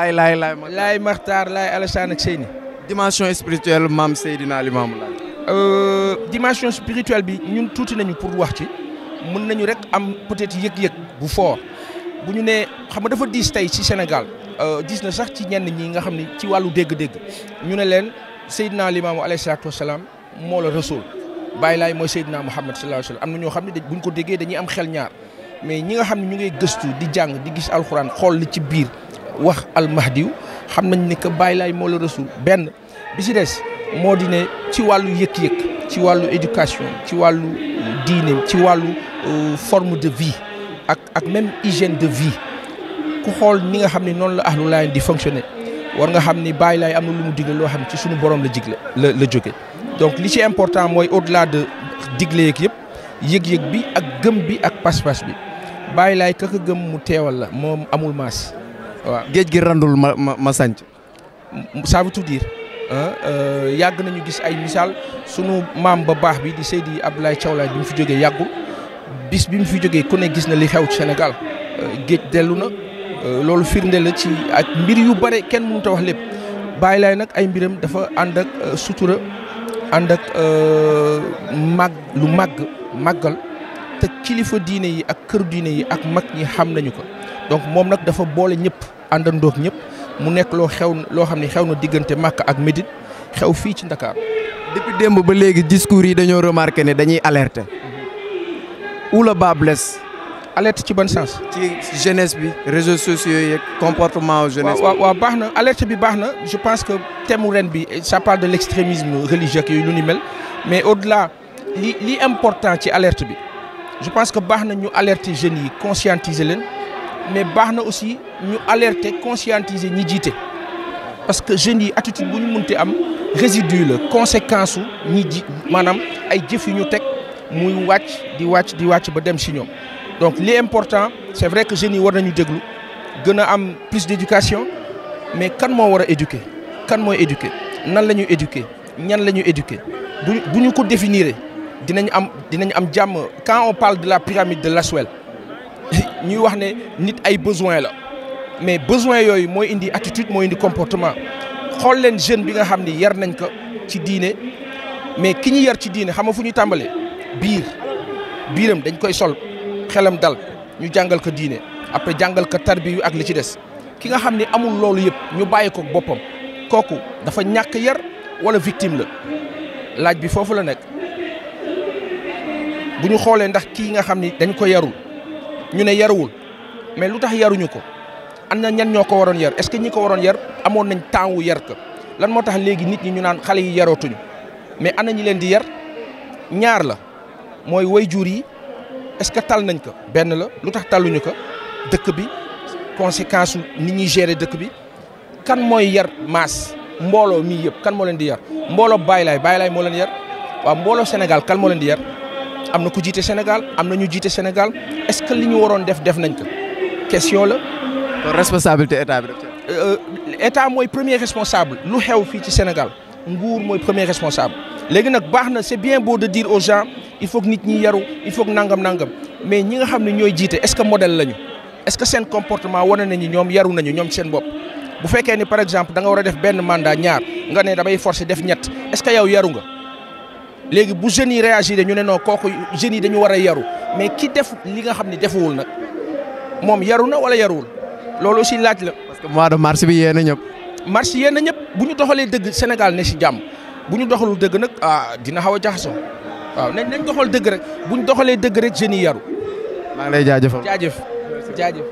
laay laay laay laay Maxtaar laay Alassane ak Seyni. dimension spirituelle maam Seydina Limamou Laye. Euh, dimension spirituelle bi ñun tuuti nañu pour wax ci mën nañu rek am peut-être yëg-yëg bu fort bu ñu nee xam nga dafa diis tey ci Sénégal euh, diis na sax ci ñenn ñi nga xam ne ci wàllu dégg-dégg ñu ne leen Seydina Limamou alayhi salaatu wa salaam moo la rasul bàyyi laay mooy Seydina Muhammad sallallahu alayhi wa am na ñoo xam ne bu buñ ko déggee dañuy am xel ñaar mais ñi nga xam ne ñu ngay gëstu di jàng di gis alxuraan xool li ci biir. wax almahdiw xam nañ ni que Baye Laye moo la rasul benn bi si des moo di ne ci wàllu yëkk-yëkk ci wàllu éducation ci wàllu diine ci wàllu euh, forme de vie ak ak même hygiène de vie ku xool ni nga xam ne noonu la ahlu laayen di fonctionner war nga xam ni Baye Laye am na lu mu digle loo xam ne ci suñu borom la digle la la jóge donc li ci important mooy au-delà de digle yëpp yëg-yëg bi ak gëm bi ak pas-pas bi Baye Laye kaka gëm mu teewal la moom amul maas waaw géej gi randul ma ma ma sànc. ça veut tout dire euh, yàgg nañu gis ay misaal sunu maam ba baax bi di Seydi Abdoulaye Thiaw Laye bi mu fi jógee yàggul bis bi mu fi jógee ku ne gis na li xew ci euh, géej dellu na euh, loolu firnde la ci ak mbir yu bare kenn mënut a wax lépp bàyyi lay nag ay mbiram dafa ànd ak sutura ànd ak màgg lu màgg màggal te kilifa diine yi ak kër diine yi ak mag ñi xam nañu ko donc moom nag dafa boole ñëpp. àndandoo ñep mu nek lo xew lo xamni xewna xew na ak medine xew fi ci Ndakaar depuis demb ba légui discours yi dañu remarquer né dañuy alerter. ou la bât alerte ci ban sens. ci jeunesse bi réseaux sociaux et comportement jeunesse Wa wa waaw alerte bi baxna je pense que thème ren bi ça parle de l'extrémisme religieux qui lu ni mel mais au delà li li important ci alerte bi je pense que baxna ñu alerter jeunes yi conscientiser leen mais nous aussi nous alerter conscientiser ñi parce que je yi attitude bu ñu avons am résidu conséquence madame, ñi madame, ay jëf nous les di donc l'important, c'est vrai que je yi war nañu déglu plus d'éducation mais kan moo war éduquer kan mooy éduquer nan la éduquer Nous éduquer Si définir quand on parle de la pyramide de Laswell ñuy wax ne nit ay besoin la mais besoin yooyu mooy indi attitude mooy indi comportement xool leen jeune bi nga xam ni yar nañ ko ci diine mais ki ñu yar ci diine xam nga fu ñu tàmbalee biir biiram dañ koy sol xelam dal ñu jàngal ko diine après jàngal ko tarbiyu ak la ci des ki nga xam ni amul loolu yëpp ñu bàyyi ko boppam kooku dafa ñàkk yar wala victime la laaj bi foofu la nekk bu ñu xoolee ndax kii nga xam ni dañ ko yarul ñu ne yaruwul mais lu tax yaruñu ko am na ñan ñoo ko waroon yar est-ce que ñi ko waroon yar amoon nañ temps wu yar ko lan moo tax léegi nit ñi ñu naan xale yi yarootuñu mais na ñi leen di yar ñaar la mooy jur yi est-ce que tal nañ ko benn la lu tax taluñu ko dëkk bi conséquence ni ñuy gérer dëkk bi kan mooy yar maas mbooloo mii yëpp kan moo leen di yar mbooloo Baay Laay Baay Laay moo leen yar waaw mbooloo Sénégal kan moo leen di yar amna na ku jiite Sénégal amna ñu jité Sénégal est-ce que li ñu waron def def nañ ko question la. responsabilité état bi euh, euh état moy premier responsable lu xew fi ci Sénégal nguur moy premier responsable. légui nak baxna c'est bien beau de dire aux gens il faut que nit ñi yaru il faut que nangam nangam mais ñi nga xamni ñoy jité est-ce que modèle lañu est-ce que sen comportement wane nañu ñom yaru nañu ñom Sen bop bu fekkee ni par exemple da nga wara def ben mandat ñaar nga ne damay forcer def ñet est-ce que yow yaru nga. léegi bu jeunes yi réagir ñu ne non kooku jeunes yi dañu war a yaru mais ki def ni nga xam ne defuwul nag moom yaru na wala yaruwul loolu aussi laaj la. parce que mois de mars bi yéen a ñëpp. mars yéen a ñëpp bu ñu doxalee dëgg Sénégal ne si jàmm bu ñu doxalul dëgg nag ah dina xaw a jaxasoo waaw nañ nañ doxal dëgg rek bu ñu doxalee dëgg rek jeunes yi yaru. maa ngi lay jaajëfal jaajëf jaajëf.